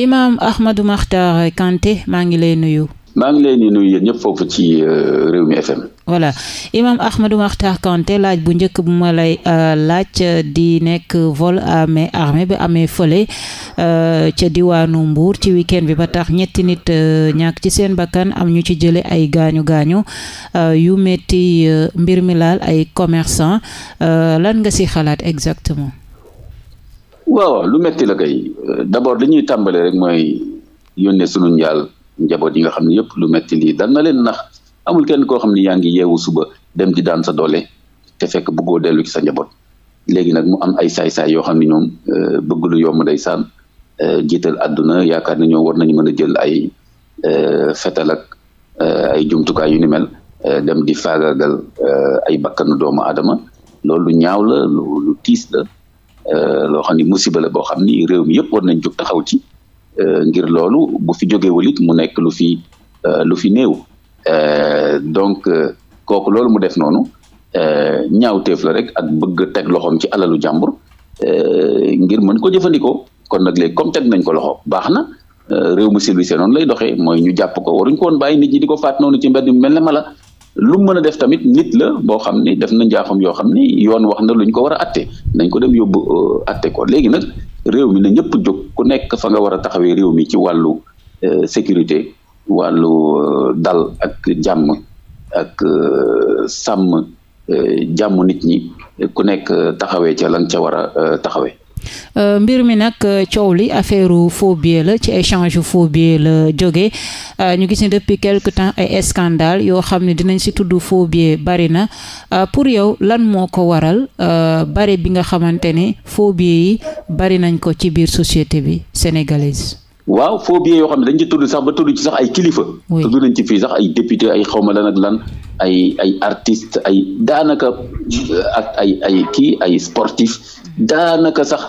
Imam Ahmadou Makhtar Kanté maa ngi lay nuyu. maa ngi leen di nuyu yéen ñëpp foofu ci euh, Rewmi FM. voilà Imam Ahmadou Makhtar Kanté laaj bu njëkk bu ma lay euh, laaj di nekk vol à main bi amee fële euh, ca diwaanu mbuur ci week bi ba tax ñetti nit ñàkk ci seen bakkan am ñu ci jële ay gaañu gaañu yu metti mbir mi laal ay commerçant lan nga ci xalaat exactement. waaw lu metti la kay euh, d'abord li ñuy tàmbale rek mooy yónnee sunu njaal njaboot yi nga xam ne yëpp lu metti lii dal leen ndax amul kenn koo xam ne yaa ngi yeewu suba dem di daan sa doole te fekk bëggoo dellu ci sa njaboot léegi nag mu am ay saay-saay yoo xam ne ñoom euh, bëgg lu yomb day saan euh, jiital àdduna yaakaar ne ñoo war nañu mën a jël ay fetal ak ay jumtukaay yu ni mel dem di faaga faagaagal ay bakkanu doomu aadama loolu ñaaw la lu tiis la Euh, loo xam ni musiba la boo xam ni réew mi yëpp war nañ jóg taxaw ci euh, ngir loolu bu fi jógee mu nekk lu fi euh, lu fi néew donc kooku loolu mu def noonu ñaawteef la rek ak bëgg teg loxoom ci alalu jàmbur ngir mën ko jëfandikoo kon nag le comme teg nañ ko loxo baax na réew mu civilisé noonu lay doxe mooy ñu jàpp ko waruñ ko woon bàyyi nit ñi ko faat noonu ci mbedd mi mel ne mala lu mën a def tamit nit la boo xam ni def na njaafam yoo xam ni yoon wax na luñ ko war a atte nañ ko dem yóbbu euh, atte ko léegi nag réew mi na ñëpp jóg ku nekk fa nga war a taxawee réew mi ci wàllu euh, sécurité wàllu euh, dal ak jàmm ak sàmm jàmm nit ñi ku nekk taxawee ca lan ca war a taxawee Euh, mbir mi nag euh, coow li affaire faux la ci échange faux billets la jóge euh, ñu gis ni depuis quelque temps ay scandale yoo xam ne dinañ si tudd faux billets bari na pour yow lan moo ko waral bari bi nga xamante ne faux billets yi bari nañ ko ci biir société bi sénégalaise. waaw faux yoo xam ne dañ ci tudd sax ba tudd ci sax ay kilifa. tudd nañ ci fii sax ay député ay ma lan nag lan ay ay artistes ay daanaka ak kii ay sportif daanaka sax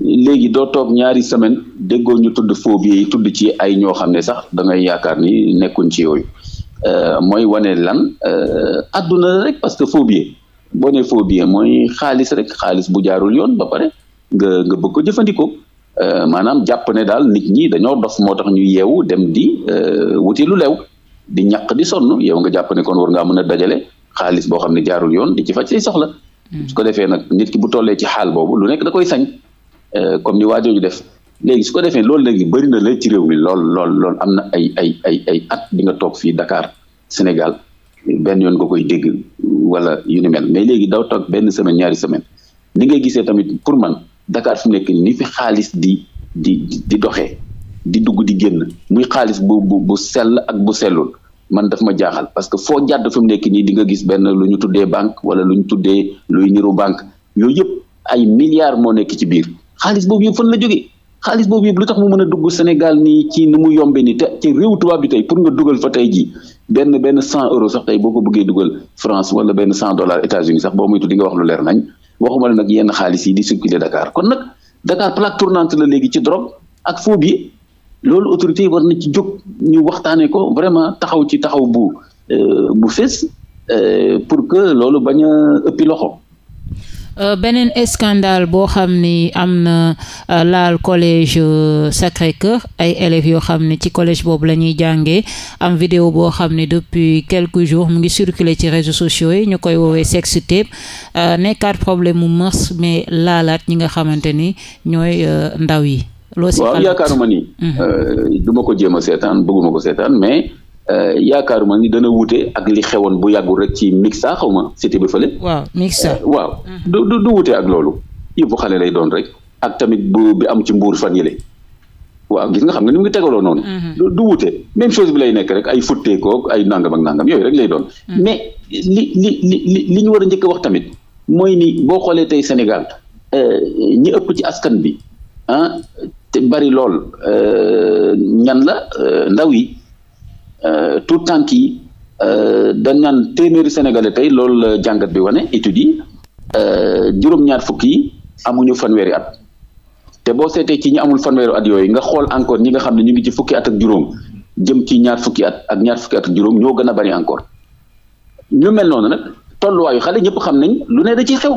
léegi doo toog ñaari semaine déggoo ñu tudd phobie yi tudd ci ay ñoo xam ne sax da yaakaar ni nekkuñ ci yooyu euh, mooy wane lan euh, àdduna la rek parce que phobie boo nee phobie mooy xaalis rek xaalis bu jaarul yoon ba pare nga nga bëgg ko jëfandikoo euh, maanaam jàpp ne daal nit ñi dañoo dof moo tax ñu yeewu dem di wuti lu lew di ñaq di sonn yow nga jàpp ne koon war ngaa mën a dajale xaalis boo xam ne jaarul yoon di ci faj say soxla su ko defee nag nit ki bu tollee ci xaal boobu lu nekk da koy sañ euh, comme ni waajooju def léegi su ko defee loolu léegi bëri na la ci réew mi lool lool lool am na ay ay ay at bi nga toog fii Dakar Sénégal benn yoon nga koy dégg wala yu ni mel mais léegi daw toog benn semaine ñaari semaine ni ngay gisee tamit pour man Dakar fi mu nekk ni fi xaalis di di di doxee di dugg di génn muy xaalis bu bu bu sell ak bu sellul man daf ma jaaxal parce que foo jàdd fa nekk nii di nga gis benn lu ñu tuddee banque wala lu ñu tuddee luy niru banque yooyu yëpp ay milliards moo nekk ci biir xaalis boobu yëpp fan la jógee xaalis boobu yëpp lu tax mu mën a dugg Sénégal nii ci nu mu yombe nii te ci réew tubaab bi tey pour nga dugal fa tey jii benn benn cent euros sax tey boo ko buggee dugal France wala benn cent dollars États-Unis sax boo moytu di nga wax lu leer nañ waxuma la nag yenn xaalis yi di circuler Dakar kon nag Dakar plaque tournante la léegi ci drogue ak faux billets loolu autorité yi war ci jóg ñu waxtaanee ko vraiment taxaw ci taxaw bu euh, bu fees euh, pour que loolu bañ a ëppi loxo. Euh, beneen scandale boo xam ni am na laal collège Sacré-Cœur ay élèves yoo xam ne ci collège boobu la ñuy jàngee am vidéo boo xam ne depuis quelque jours mu ngi circuler ci réseau sociaux yi ñu koy woowee sex tape nekkaat problème mu mœurs mais laalaat ñi nga xamante ni ñooy ndaw yi. loo si waaw yaakaaruma ni. Mhm. Euh, du ma ko jéem a seetaan bëgguma ko seetaan mais euh, yaakaaruma ni dana wute ak li xewoon bu yàggul rek ci mixa xaw ma cité bi fële. waaw mixa euh, waaw mhm. du wute ak loolu yëpp xale lay doon rek ak tamit bu bi am ci mbuur fan yële. waaw gis nga xam ne ni mu ngi tegaloo noonu. Mhm. du wute même chose bi lay nekk rek ay futteekoo ay nangam ak nangam yooyu rek lay doon. mais li li li li ñu war a njëkk wax tamit mooy nii boo xoolee tey Sénégal ñu ëpp ci askan bi ah, te bari lool euh, ñan la euh, ndaw yi euh, tout tànk yi dañ naan téeméeri sénégalais tey loolu la jàngat bi wane études yi juróom-ñaar fukki yi amuñu fanweeri at te boo seetee ci ñi amul fanweeri at yooyu nga xool encore ñi nga xam ne ñu ngi ci fukki at ak juróom jëm ci ñaar fukki at ak ñaar fukki at juróom ñoo gën a bari encore ñu mel noonu nag tolluwaayu xale ñëpp xam nañ lu ne da ciy xew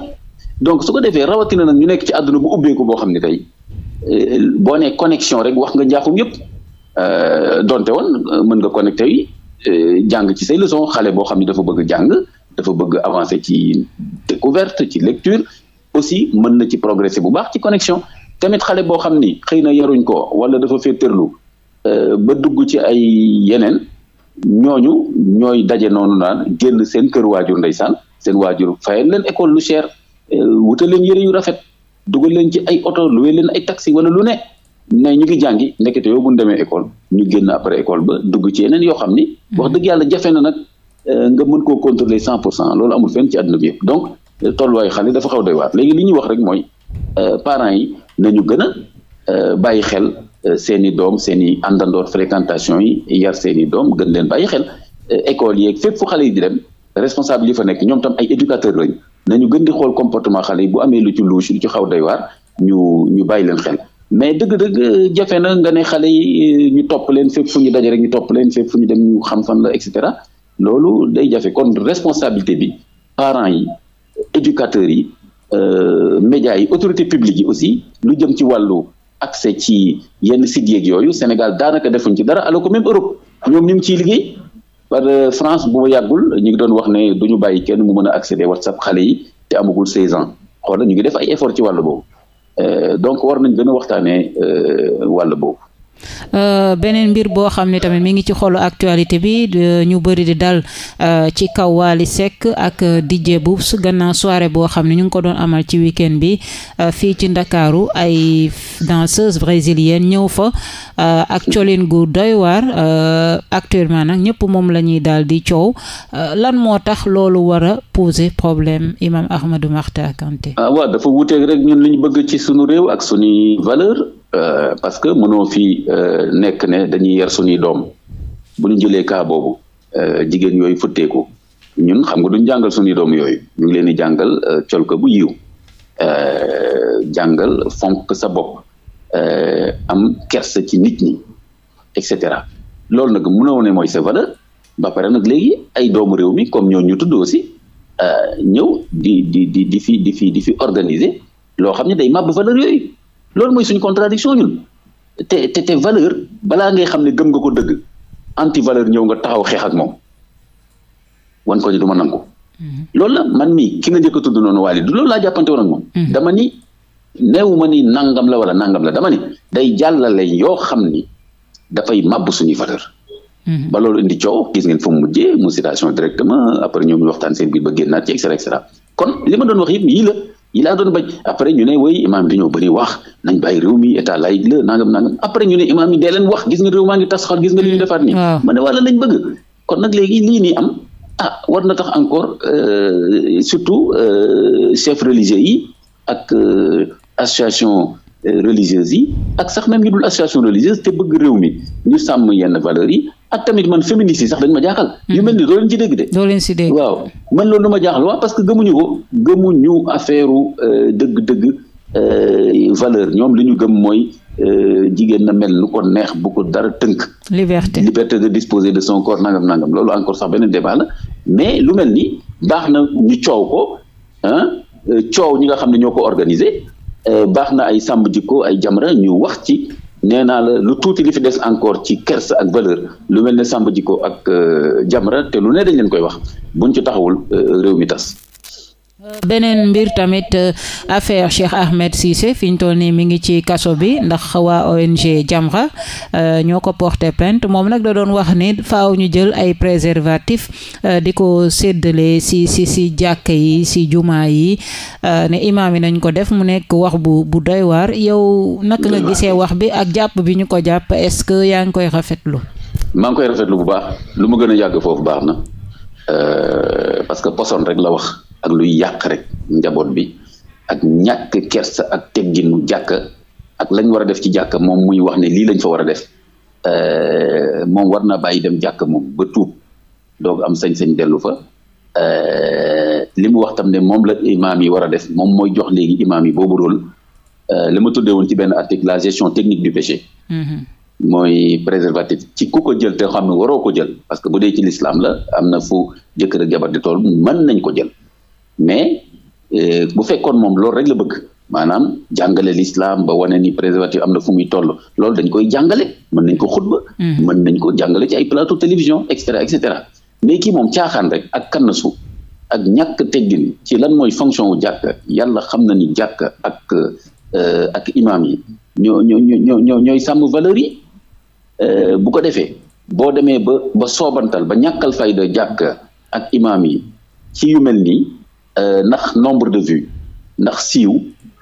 donc su ko defee rawatina nag ñu nekk ci àdduna bu ubbeeku boo xam ne tey Euh, boo nee connexion rek wax nga njaaxum yëpp euh, donte woon euh, mën nga connecté yi jàng ci say leçon xale boo xam ne dafa bëgg jàng dafa bëgg avancer ci découverte ci lecture aussi mën na ci progresser bu baax ci connexion tamit xale boo xam ni xëy na yaruñ ko wala dafa féeterlu ba dugg ci ay yeneen ñooñu ñooy daje noonu naan génn seen kër waajur ndeysaan seen waajur fayal leen école lu cher wutal leen yëre yu rafet dugal leen ci ay oto luwe leen ay taxi wala lu ne ne ñu ngi jàngi nekkete yoo bu demee école ñu génn après école ba dugg ci yeneen yoo xam ni. boo mm-hmm. dëgg yàlla jafe na nag euh, nga mën koo contrôler cent pour cent loolu amul fenn ci àdduna bi yëpp donc euh, tolluwaayu xale dafa xaw doy waar li ñuy wax mooy euh, parents yi nañu gën a bàyyi xel seen i doom seen i àndandoor fréquentation yi yar seen doom gën leen bàyyi xel école yeeg fépp fu xale yi di dem responsable yi fa nekk ñoom tam ay éducateurs lañu. nañu gën di xool comportement xale yi bu amee lu ci louche lu ci xaw doy waar ñu ñu bàyyi leen xel mais dëgg-dëgg jafe na nga ne xale yi ñu topp leen fépp fu ñu daje rek ñu topp leen fépp fu ñu dem ñu xam fan la et loolu day jafe kon responsabilité bi parents yi éducateurs yi euh, médias yi autorité publiques yi aussi lu jëm ci wàllu accès ci yenn sites yeeg yooyu Sénégal daanaka defuñ ci dara alors que même Europe ñoom ñu ngi liggéey. par euh, France bu ma yàggul ñu ngi doon wax ne du ñu bàyyi kenn mu mën a accéder WhatsApp xale yi te amagul 16 ans xoolal ñu ngi def ay effort ci wàll boobu euh, donc war nañ gën a waxtaanee euh, wàll boobu. Euh, beneen mbir boo xam ne tamit mu ngi ci xolu actualité bi ñu bëri di dal euh, ci kaw Wally Seck ak euh, DJ Boubs gannaaw soirée boo xam ne ñu ngi ko doon amal ci week bi fii ci Ndakaaru ay danseuse brésilienne ñëw fa ak colin gu doy waar actuellement nag ñëpp moom la ñuy daal di coow lan moo tax loolu war a poser problème Imam Ahmadou Makhtar Kanté. ah dafa wuuteeg rek ñun li bëgg ci sunu réew ak sunuy valeur Euh, parce que mënoo fii euh, nekk ne dañuy yar suñuy doom bu ñu jëlee ka boobu euh, jigéen yooyu fëtteeku ñun xam nga duñ jàngal suñuy doom yooyu ñu ngi leen di jàngal col ko bu yiw jàngal fonk sa bopp am kersa ci nit ñi et cetera loolu nag mënoo ne mooy sa valeur ba pare nag léegi ay doomu réew mi comme ñoo ñu tudd aussi ñëw di di di di fi di fi di fi organiser loo xam ne day màbb valeur yooyu loolu mooy suñu contradiction ñun te te te valeur balaa ngay xam ne gëm nga ko dëgg anti valeur ñëw nga taxaw xeex ak moom wan ko ni du ma nangu. Mhm. loolu la man mii ki nga njëkk a tudd noonu waali lool loolu laa jàppante woon moom. Mhm. dama ni new ma ni nangam la wala nangam la dama ni day jàllale yoo xam ni dafay màbb suñuy valeur. Mhm. ba loolu indi coow gis ngeen fa mu mujjee mu citation directement après ñoom ñu waxtaan seen biir ba génnaat ci et cetera et kon li ma doon wax yëpp yi laa doon bañ après ñu ne woy imaam bi ñoo bëri wax nañ bàyyi réew mi état laïque la na nangam après ñu ne imaam yi dee leen wax gis nga réew maa ngi tas xal gis nga li ñu hmm. defaat nii ma ne wàlla lañ kon nag léegi lii nii am ah war na tax encore euh, surtout euh, chef religieux yi ak euh, association religieuses yi ak sax même ñu dul association religieuse te bëgg réew mi ñu sàmm yenn valeurs yi ak tamit man féministes yi sax dañ ma jaaxal. Mm-hmm. yu mel ni doo leen ci dégg de. doo leen ci dégg waaw man loolu du ma jaaxal waaw parce que gëmuñu ko gëmuñu affaire euh, dëgg-dëgg euh, valeur ñoom li ñu gëm mooy euh, jigéen na mel nu ko neex bu ko dara tënk. liberté liberté de disposer de son corps nangam nangam loolu encore sax beneen débat la mais lu mel ni baax na ñu coow ko ah coow ñi nga xam ne ñoo ko organiser baax na ay sàmm jikko ay jamra ñu wax ci. nee naa la lu tuuti li fi des encore ci kerse ak valeur lu mel ne Samba Jikko ak euh, Jamra te lu ne dañ leen koy wax buñ ci taxawul euh, réew mi tas. beneen mbir tamit euh, affaire Cheikh Ahmed Cissé fiñ ñu nii mi ngi ci kaso bi ndax waa ONG Jamra euh, ñoo ko porté plainte moom nag da doon wax ni faaw ñu jël ay préservatif euh, di ko séddale si si si jàkk yi si jumaa yi ne imaam yi nañ ko def mu nekk wax bu bu doy waar yow naka nga gisee wax bi ak jàpp bi ñu ko jàpp est-ce que yaa ngi koy rafetlu. maa ngi koy rafetlu bu baax lu mu gën a yàgg foofu baax na parce poson rek la wax. ak luy yàq rek njaboot bi ak ñàkk kersa ak tegginu jàkka ak lañ war a def ci jàkka moom muy wax ne lii lañ fa war a def euh, moom war na bàyyi dem jàkka moom ba tuub doog am sañ-sañ dellu fa euh, li mu wax ne moom la imaam yi war a def moom mooy jox léegi imaam yi boobu rôle euh, li ma tuddee woon ci benn article la gestion technique du péché mm-hmm. mooy préservatif ci ku ko jël te xam ne waroo ko jël parce que bu dee ci l'islam la am na fu jëkkër ak jabar di tool mën nañ ko jël mais euh, bu fekkoon moom loolu rek la bëgg maanaam jàngale lislaam ba wane ni préservatif am na fu muy toll loolu dañ koy jàngale mën nañ ko xutba hmm. mën nañ ko jàngale ci ay plateau télévision et cetera et cetera kii moom caaxaan rek ak kannasu ak ñàkk teggin ci lan mooy fonction wu jàkk yàlla xam na ni jàkk ak euh, ak imam yi ñoo ñoo ñoo ñoo ñooy sàmm valeur yi euh, bu ko defee boo demee ba ba soobantal ba ñàkkal fayda jàkk ak imaam yi ci yu mel nii Euh, ndax nombre de vues ndax siiw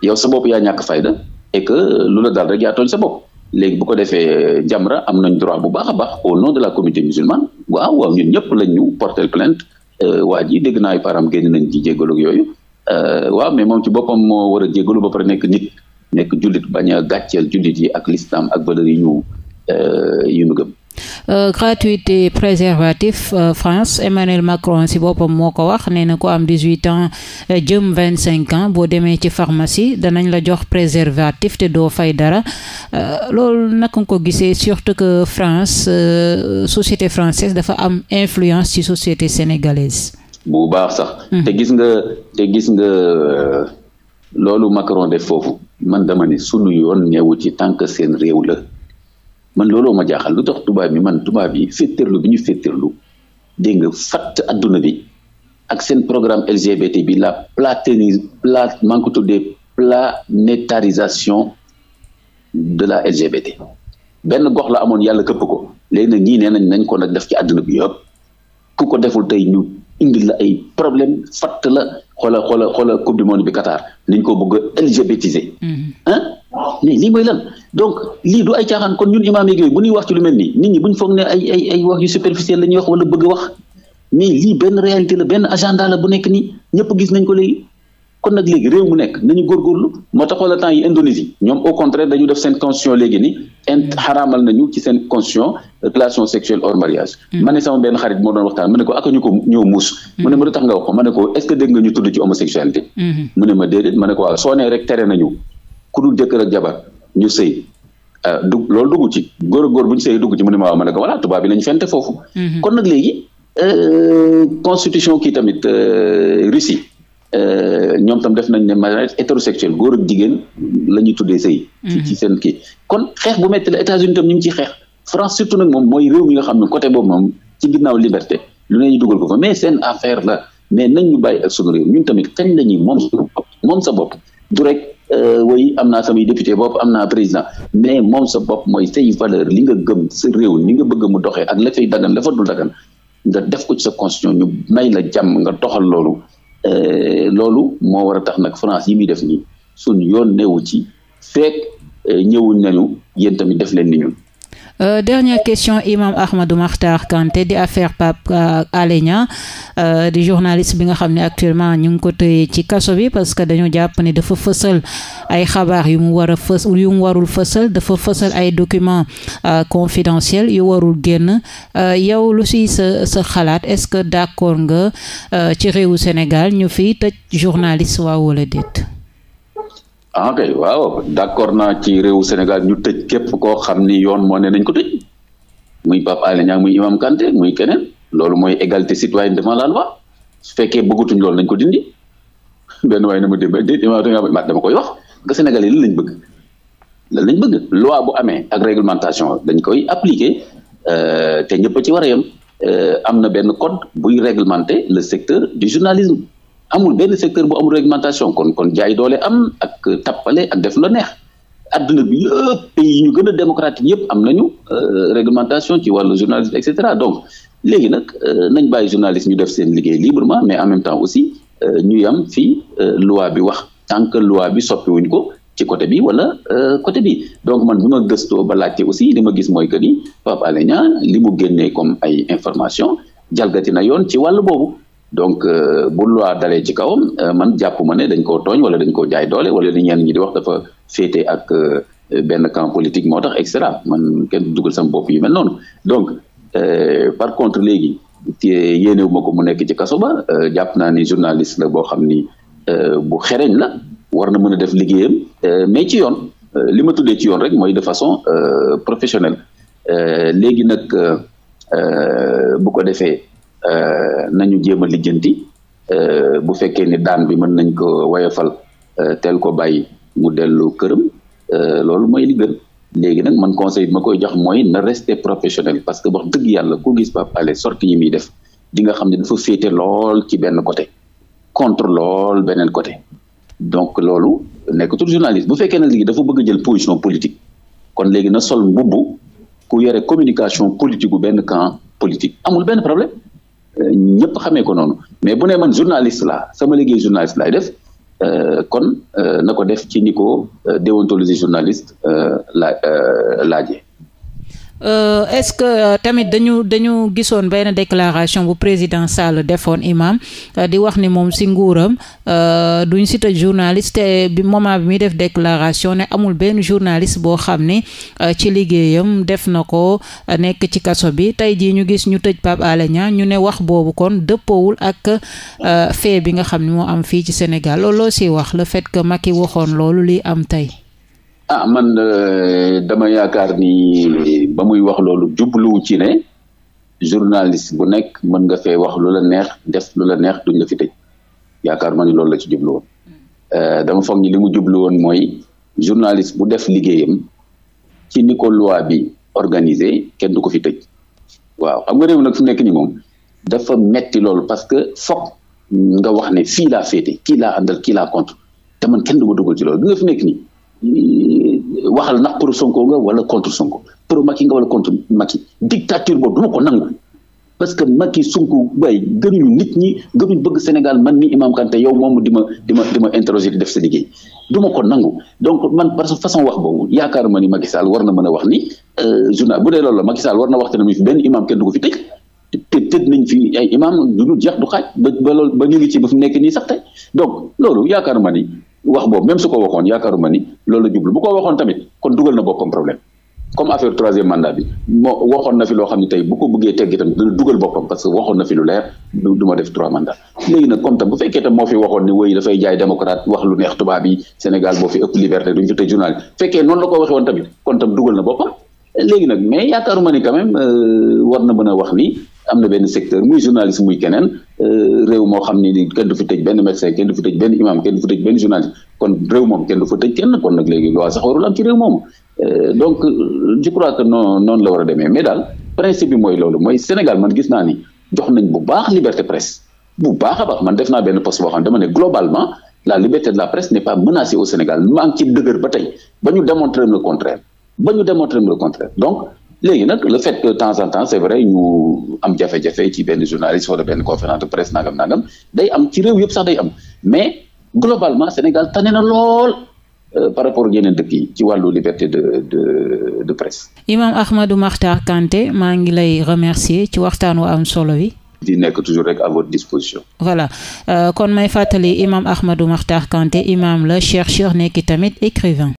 yow sa bopp yaa ñàkk fayda et que euh, lu la daal rek yaa tooñ sa bopp léegi bu ko defee euh, Jamra am nañ droit bu baax a baax au nom de la communauté musulmane waaw waaw ñun ñëpp lañ ñu porter plainte waa ji dégg naa ay param génn nañ ci jégalu ak yooyu waaw mais moom ci boppam moo a jégalu ba pare nekk nit nekk jullit bañ a gàcceel jullit yi ak listam ak valeurs yi ñu yu ñu gëm Euh, gratuité préservatif euh, France Emmanuel Macron si boppam moo ko wax nee na ko am dix-huit ans euh, jëm vingt-cinq ans boo demee ci pharmacie danañ la jox préservative te doo fay dara euh, loolu naka nga ko gisee surtout que France société française dafa am influence ci société sénégalaise. bu baax sax. te gis nga te gis nga loolu Macron def foofu man dama ne sunu yoon ñëwu ci tànk seen réew la. man looloo ma jaaxal lu tax tubaab bi man tubaab yi féeterlu bi ñu féeterlu dégg nga fatt adduna bi ak seen programme LGBT bi la platénis pla maa ngi ko tuddee planétarisation de la LGBT benn gox la amoon yàlla këpp ko léegi nag ñii nee nañ nañ ko nag def ci àdduna bi yëpp ku ko deful tey ñu indi la ay problème fatt la xoola xoola xoola coupe du monde bi Qatar nañ ko bëgg a LGBTiser ah mhm. mais lii mooy lan donc lii du ay caaxaan kon ñun imaam yeeg yooyu bu ñuy wax ci lu mel nii nit ñi buñ foog ne ay wax yu superficiel la ñuy wax wala bëgg wax mais lii benn réalité la benn agenda la bu nekk nii ñëpp gis nañ ko léegi kon nag léegi réew mu nekk nañu góorgóorlu moo tax wala temps yi Indonésie ñoom au contraire dañu def seen constitution léegi ni int mm. xaraamal nañu ci seen constitution relation sexuelle hors mariage mm. ma ne sama benn xarit moo doon waxtaan ma ne ko aka ñu ko ñëw muus mm. mu ne mm-hmm. du euh, loolu dugg ci góor góor bu ñu sëy dugg ci mu ne ma waaw ko voilà tubaab bi lañu fente foofu mm-hmm. kon nag euh, kii tamit euh, Russie Euh, ñoom tam def nañ ne mariage hétérosexuel góor ak jigéen la ñuy tuddee sëy mm-hmm. ci ci kon xeex bu métti la États-Unis tam ñu ngi ciy xeex France surtout nag moom mooy réew mi xam ne côté boobu moom ci ginnaaw liberté lu ñu dugal ko mais seen affaire la mais nañ ñu bàyyi ak sunu ñun tamit kañ la ñuy moom suñu bopp moom sa bopp du rek euh, woy am naa samay député bopp am naa président mais moom sa bopp mooy say valeur li nga gëm sa réew li nga bëgg mu doxee ak la fay dagan la fa dul dagan nga def ko ci sa constitution ñu may la jàmm nga doxal loolu Euh, loolu moo war a tax nag France yi muy def nii suñ yoon neewu ci feek euh, ñëwuñ nañu yéen tamit def leen ni ñun. Euh, dernière question Imam Ahmadou Makhtar Kanté di affaire Pape euh, Alé Euh, di journaliste bi nga xam ne actuellement ñu ngi ko tëye ci kaso bi parce que dañoo jàpp ne dafa fësal ay xabaar yu mu war a fës yu mu warul fësal dafa fësal ay documents euh, confidentiels yu warul génn euh, yow lu si sa sa xalaat est-ce que d'accord nga ci réewu Sénégal ñu fi tëj journaliste waaw wala déet. ah kay waaw d'accord naa ci réewu Sénégal ñu tëj képp koo xam ni yoon moo ne nañ ko tëj muy Pape Alé Niang muy Imam Kanté muy keneen. loolu mooy égalité citoyenne devant la loi su fekkee bëggatuñ loolu nañ ko dindi benn waaye na ma dé dama koy wax ga Sénégal yi lan lañ bëgg lan lañ bëgg loi bu amee ak réglementation dañ koy appliquer euh, te ñëpp a ci war a yem euh, am na benn code buy réglementer le secteur du journalisme amul benn secteur bu amul réglementation kon kon jaay doole am ak tappale ak def la neex adduna bi yëpp pays yi ñu gën a démocratique yëpp am nañu euh, réglementation ci wàllu journalisme et cetera donc léegi nag euh, nañ bàyyi journaliste ñu def seen liggéey librement mais en même temps aussi euh, ñu yam fii euh, loi bi wax tant que loi bi soppiwuñ ko ci côté bi wala côté bi donc man bu ma gëstoo ba laajte aussi li ma gis mooy que ni Pape Alé Niang li mu génnee comme ay information jalgati na yoon ci wàll boobu donc bu loi dalee ci kawam man jàpp ma ne dañ koo tooñ wala dañ koo jaay doole wala li ñenn ñi di wax dafa féete ak benn camp politique moo tax et man kenn dugal sama bopp yu mel noonu donc Euh, par contre léegi yéenewu ma ko mu nekk ci kaso ba euh, jàpp naa ni journaliste la boo xam ni euh, bu xereñ la war na mën a def liggéeyam mais ci yoon li ma tuddee ci yoon rek mooy de façon professionnelle léegi nag bu ko defee nañu jéem a lijjanti bu fekkee ni daan bi mën nañ ko woyofal teel ko bàyyi mu dellu këram loolu mooy li léegi nag man conseil bi ma koy jox mooy na rester professionnel parce que wax dëgg yàlla ku gis Pape Alé sorti yi muy def di nga xam ne dafa féete lool ci benn côté contre lool beneen côté donc loolu nekkatul journaliste bu fekkee ne léegi dafa bëgg jël position politique kon léegi na sol mbubb ku yore communication politique bu benn camp politique amul benn problème ñëpp xamee ko noonu mais bu ne man journaliste la sama liggéey journaliste laay def Euh, kon euh, na ko def ci ni ko euh, déontologie journaliste la laaje Euh, est-ce que euh, tamit dañu dañu gisoon benn déclaration bu président Sall defoon imam euh, di wax ni moom si nguuram euh, duñ cité journaliste bi moment bi muy def déclaration ne amul benn journaliste boo xam ni ci liggéeyam def na ko nekk ci kaso bi tey jii ñu gis ñu tëj Pape Alé Niang ñu ne wax boobu kon dëppoowul ak fait bi nga xam ne moo am fii ci Sénégal loolu loo si wax le fait que Macky waxoon loolu li am tey. ah man dama yaakaar ni. ba muy wax loolu jubluwu ci ne journaliste bu nekk mën nga fee wax lu la neex def lu la neex duñ la fi tëj yaakaar ma ni loolu la ci jublu woon euh, dama foog ni li mu jublu woon mooy journaliste bu def liggéeyam ci ni ko loi bi organiser kenn du ko fi tëj waaw xam nga réew nag fu nekk ni moom dafa metti loolu parce que foog nga wax ne fi laa féete kii laa àndal kii la contre te man kenn du ma dugal ci lool bi nga fi nekk nii waxal nag pour Sonko nga wala contre Sonko pro Macky nga wala contre Macky dictature boobu du ma ko nangu parce que Macky Sonko bay gënuñu nit ñi gënuñu bëgg Sénégal man ni Imam Kanté yow moom di ma di ma di ma def sa liggéey du ko nangu donc man parce que façon wax boobu yaakaar ma ni Macky Sall war na mën a wax ni euh, journal bu dee loolu la Macky Sall war na wax te ne fi benn imam kenn du ko fi tëj te nañ fi ay imam du jeex du xaaj ba ba loolu ba ñu ngi ci ba fi nii sax tey donc loolu yaakaar ni wax boobu même su ko waxoon yaakaaruma ni loolu la jublu bu ko waxoon tamit kon dugal na boppam problème comme affaire troisième mandat bi moo waxoon na fi loo xam ne tey bu ko bëggee teggi tamit dina dugal boppam parce que waxoon na fi lu leer du du ma def trois mandat léegi nag comme tam bu fekkee tam moo fi waxoon ni wéy dafay jaay démocrate wax lu neex tubaab yi Sénégal boo fi ëpp liberté duñu fi tëj journal yi fekkee noonu la ko waxee woon tamit kon tam dugal na boppam léegi nag mais yaakaaruma ni quand euh, war na mën a wax ni am na benn secteur muy journaliste muy keneen euh, réew moo xam ni kenn du fi tëj benn médecin kenn benn imam benn journaliste kon kenn kon nag léegi loi sax warul am moom Euh, donc je crois que non noonu la war a demee mais daal principe bi mooy loolu mooy Sénégal man gis naa ni jox nañ bu baax liberté presse bu baax a baax man def naa benn poste boo xam dama ne globalement la liberté de la presse n'est pas menacée au Sénégal maa ngi ci dëgër ba tey ba ñu démontrer le contraire ba ñu démontrer le contraire donc léegi nag le fait que de temps en temps c'est vrai ñu am jafe-jafe ci benn journaliste wala benn conférence de presse nangam nangam am ci réew yëpp sax day am mais globalement Sénégal Euh, par rapport ak yeneen dëkk ci wàllu liberté de de de presse. Imam Ahmadou Makhtar Kanté maa ngi lay remercier ci waxtaan wu am solo wi. di nekk toujours rek à votre disposition. voilà euh, kon may fàttali imam Ahmadou Makhtar Kanté imam la chercheur nekki tamit écrivain.